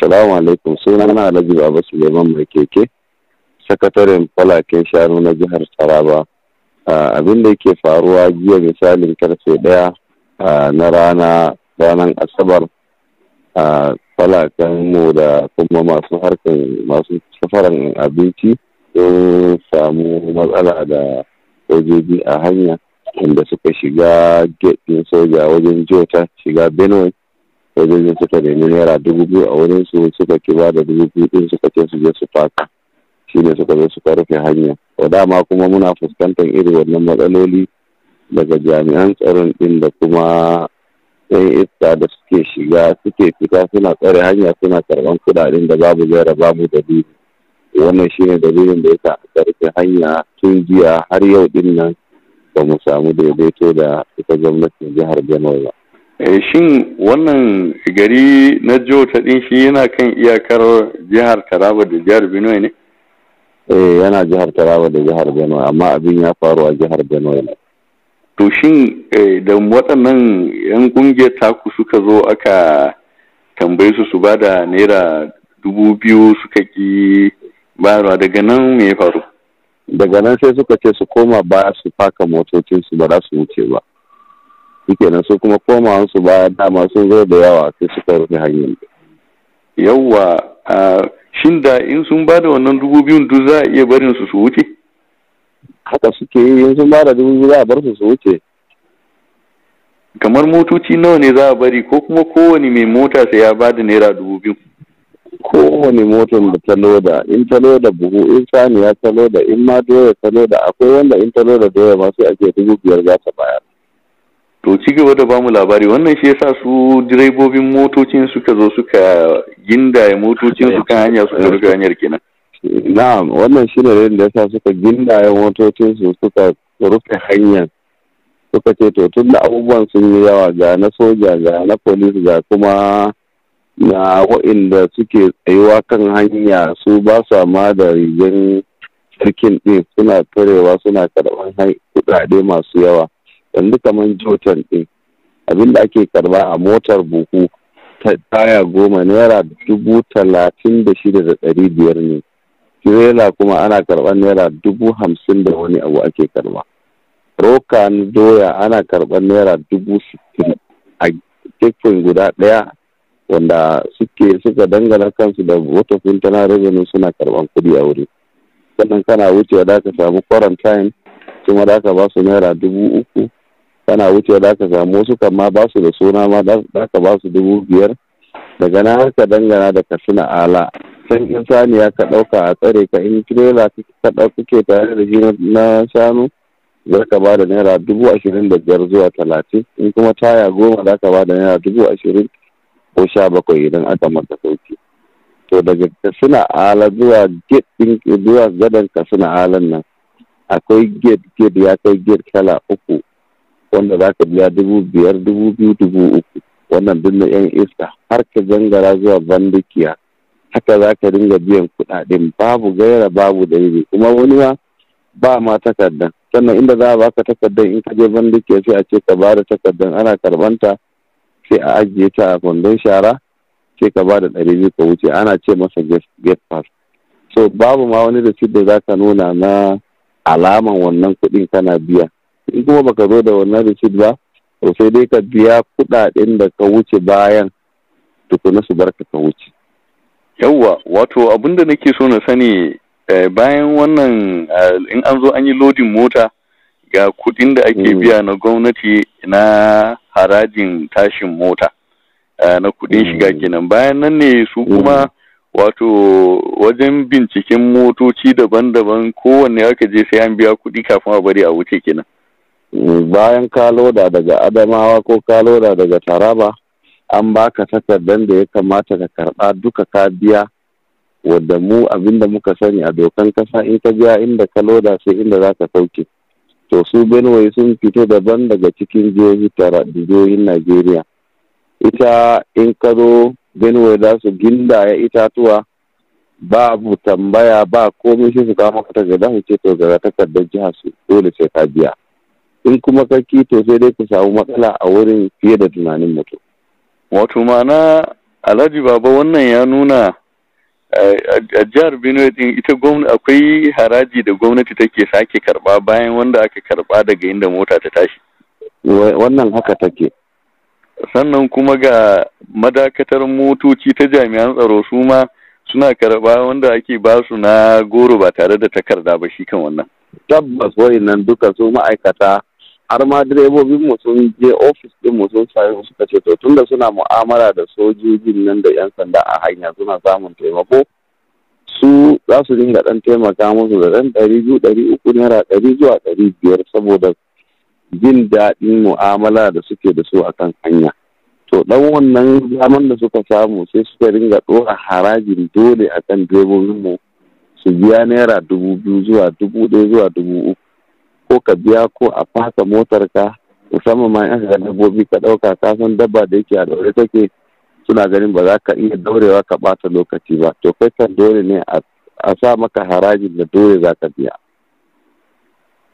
Salamu alaikum suna na Alhaji Baba Suleiman Mai Keke, sakataren falaken shanu na jihar Taraba. Abin da yake faruwa jiya misalin karfe ɗaya na rana ranar Asabar falaken mu da kuma masu harkan masu safaran abinci sun samu matsala da sojoji a hanya inda suka shiga gate soja wajen jota shiga Benue. sojojin suka nemi naira dubu biyu a wurin su suka ki ba da dubu biyu din suka ce su je su faka shine suka zo suka rufe hanya da dama kuma muna fuskantar irin wannan matsaloli daga jami'an tsaron din da kuma yan iska da suke shiga suke fita suna tsare hanya suna karban kudaden da babu jera babu dalili wannan shine dalilin da yasa aka rufe hanya tun jiya har yau din nan ba mu samu daidaito da ita gwamnatin jihar Benue ba Eh, shin wannan gari na jota din shi yana kan iyakar jihar taraba da jihar benue ne eh yana jihar taraba da jihar benue amma abin ya faru a jihar benue ne to shin eh, da waɗannan yan ƙungiyar taku suka zo aka tambaye su su ba da naira dubu biyu suka ki bayarwa daga nan me ya faru daga nan sai suka ce su koma baya su faka motocinsu ba za su wuce ba nan su kuma komawansu baya dama sun zo da yawa sai suka rufe hanyar yawwa shin da in sun ba da wannan dubu biyun duk za a iya barin su su wuce haka suke yi in sun ba da dubu biyu za a bar su su wuce kamar motoci nawa ne za a bari ko kuma kowane mai mota sai ya ba da naira dubu biyu kowane motar da ta loda in ta loda buhu in saniya ta loda in ma doya ta loda akwai wanda in ta loda doya ma sai ake dubu biyar za ta bayar to ci gaba da bamu labari wannan shi yasa su direbobin motocin suka zo suka gindaye motocin su kan hanya suka rufe hanyar kenan na'am wannan shi ne da yasa suka gindaye motocin su suka rufe hanya suka ce to tun da abubuwan sun yi yawa ga na soja ga na polis ga kuma na wa'inda suke tsayuwa kan hanya su ba su ma da rigen sarkin ɗin suna turewa suna karɓar kuɗaɗe masu yawa yanzu kamar jotan ɗin abinda ake karba a motar buhu ta taya goma naira dubu talatin da shida da ɗari biyar ne tirela kuma ana karɓar naira dubu hamsin da wani abu ake karba. roka doya ana karɓar naira dubu sittin a keken guda ɗaya wanda suke suka dangana kansu da wata kuntana revenue suna karɓar kuɗi a wuri sannan kana wucewa da ka samu quarantine kuma da ka ba su naira dubu uku kana wuce za ka samu wasu kan ma ba su da suna ma za ka ba su dubu biyar daga na har ka dangana da ka ala can in saniya ka ɗauka a tsare ka in tirela ka ɗauka ke tare da shi na shanu za ka ba da naira dubu ashirin da biyar zuwa talatin in kuma taya goma za ka ba da naira dubu ashirin ko sha bakwai idan aka maka sauki to daga kasuna ala zuwa gate zuwa gadon kasuna alan nan akwai gate gate ya kai gate kala uku wanda za ka biya dubu biyar dubu biyu dubu uku wannan duk na 'yan iska har ka gangara zuwa bandukiya haka za ka dinga biyan kuɗaɗen babu gaira babu dalili kuma wani ma ba ma takardan sannan inda za a baka takardan in ka je bandukiya sai a ce ka ba da takardan ana karbanta sai a ajiye ta a kwandon shara sai ka ba da ɗari biyu ka wuce ana ce masa get pass so babu ma wani da da za ka nuna na alaman wannan kuɗin kana biya in kuma baka zo da wannan receipt ba to sai dai ka biya kuɗaɗen da ka wuce bayan tukuna su barka ka wuce yawwa wato abinda nake so na sani eh, bayan wannan eh, in an zo an yi lodin mota ga kuɗin da ake mm. biya na gwamnati na harajin tashin mota eh, na kuɗin mm. shiga kenan bayan nan ne su mm. kuma wato wajen binciken motoci daban-daban kowanne aka je sai an biya kuɗi kafin a bari a wuce kenan bayan ka loda daga adamawa ko ka loda daga taraba an baka takardar da ya kamata ka karɓa duka ka biya wadda mu abinda muka sani a dokan kasa in ka biya inda ka loda sai inda za ka sauke to su benue sun fito daban daga cikin jihohi tara da jihohin najeriya ita in ka zo benue za su gindaya itatuwa babu tambaya ba komai sai su kama ka takarda ce to ga takardar jihar su dole sai ka biya in kuma kaki ki to sai dai ku samu matsala a wurin fiye da tunanin mutum wato ma'ana alhaji baba wannan ya nuna a jihar benue din ita gwamnati akwai haraji da gwamnati take sake karba bayan wanda aka karba daga inda mota ta tashi wannan haka take sannan kuma ga madakatar motoci ta jami'an tsaro su ma suna karba wanda ake ba su na goro ba tare da takarda ba shi kan wannan tabbas nan duka su ma'aikata har ma direbobin mu sun je ofis din mu sun sayi suka ce to tunda suna mu'amala da sojojin nan da yan sanda a hanya suna samun taimako su za su dinga dan taimaka musu da dan ɗari biyu ɗari uku naira ɗari zuwa ɗari biyar saboda jin daɗin mu'amala da suke da su akan hanya to dan wannan zaman da suka samu sai suka dinga ɗora harajin dole akan direbobin mu su biya naira dubu biyu zuwa dubu ɗaya zuwa dubu uku ko ka biya ko a fasa motar ka musamman ma 'yan ga dabbobi ka ɗauka ka san dabba da yake a daure take suna ganin ba za ka iya daurewa ka ɓata lokaci ba to kai kan dole ne a sa maka harajin da dole za ka biya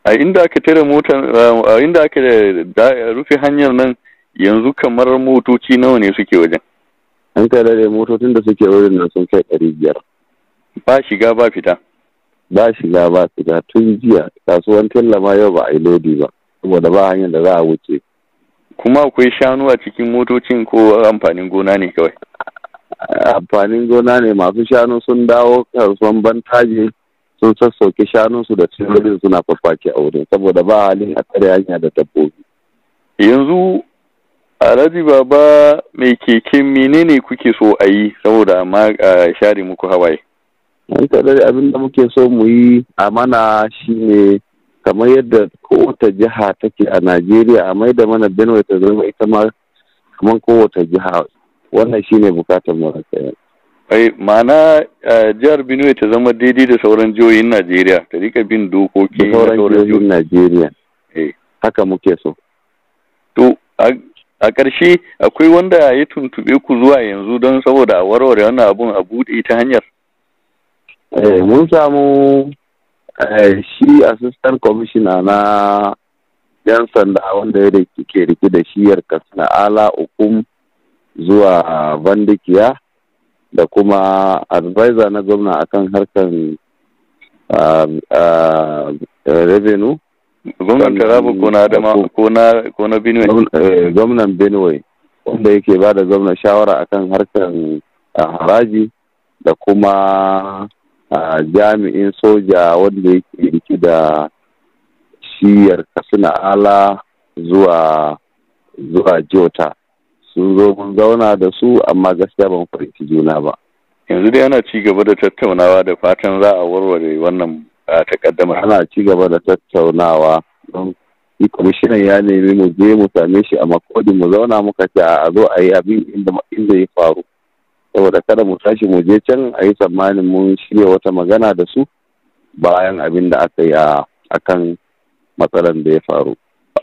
a inda aka tare motar a inda aka rufe hanyar nan yanzu kamar motoci nawa ne suke wajen an kai da motocin da suke wurin nan sun kai ɗari biyar ba shiga ba fita ba shiga ba shiga tun jiya kasuwan tallama yau ba a yi lodi ba saboda ba hanyar da za a wuce kuma akwai shanu a cikin motocin ko amfanin gona ne kawai amfanin gona ne masu shanu sun dawo kasuwan bantaje sun sassauke shanunsu da cikin suna fafaki a wurin saboda ba halin a tsare hanya da dabbobi yanzu alhaji baba mai keken menene kuke so a yi saboda ma share muku hawaye in kadari abin da muke so mu yi a mana shine kamar yadda kowace jiha take a najeriya a mai da mana benue ta zama ita ma kamar kowace jiha wannan shine bukatar mu ai ma'ana eh, jihar benue ta zama daidai da sauran jihohin najeriya ta rika bin dokoki na sauran jihohin najeriya eh. haka muke so to a ƙarshe akwai wanda ya tuntube ku zuwa yanzu don saboda a warware wannan abun a buɗe ta hanyar Eh, mun samu eh, shi assistant commissioner na yan sanda wanda ya ke rike da shiyar kasna ala hukum zuwa bandikiya da kuma advisor na gwamna akan harkan ah, ah, revenue gwamnan karabu ko na adama ko na benue eh, gwamnan benue wanda yake ba da gwamna shawara akan harkan ah, haraji da kuma A jami'in soja wanda yake rike da shiyar katsina ala zuwa zuwa jota sun zo mun zauna da su amma gaskiya ban farki juna ba yanzu dai ana ci gaba da tattaunawa da fatan za a warware wannan takaddama ana ci gaba da tattaunawa don kwamishinan ya nemi mu je mu same shi a makodin mu zauna muka ce a zo a yi abin inda ya faru saboda kada mu tashi mu je can a yi tsammanin mun shirya wata magana da su bayan abin da aka yi a kan matsalar da ya faru.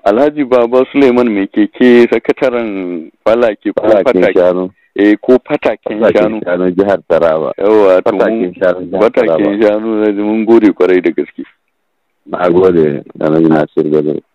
Alhaji Baba Suleiman mai keke sakataren falaki ko fatake. Eh ko fatakin shanu. Fatakin jihar Taraba. Yawa fatakin shanu jihar Taraba. Fatakin shanu mun gode kwarai da gaske. Na gode, yi Nasir gode.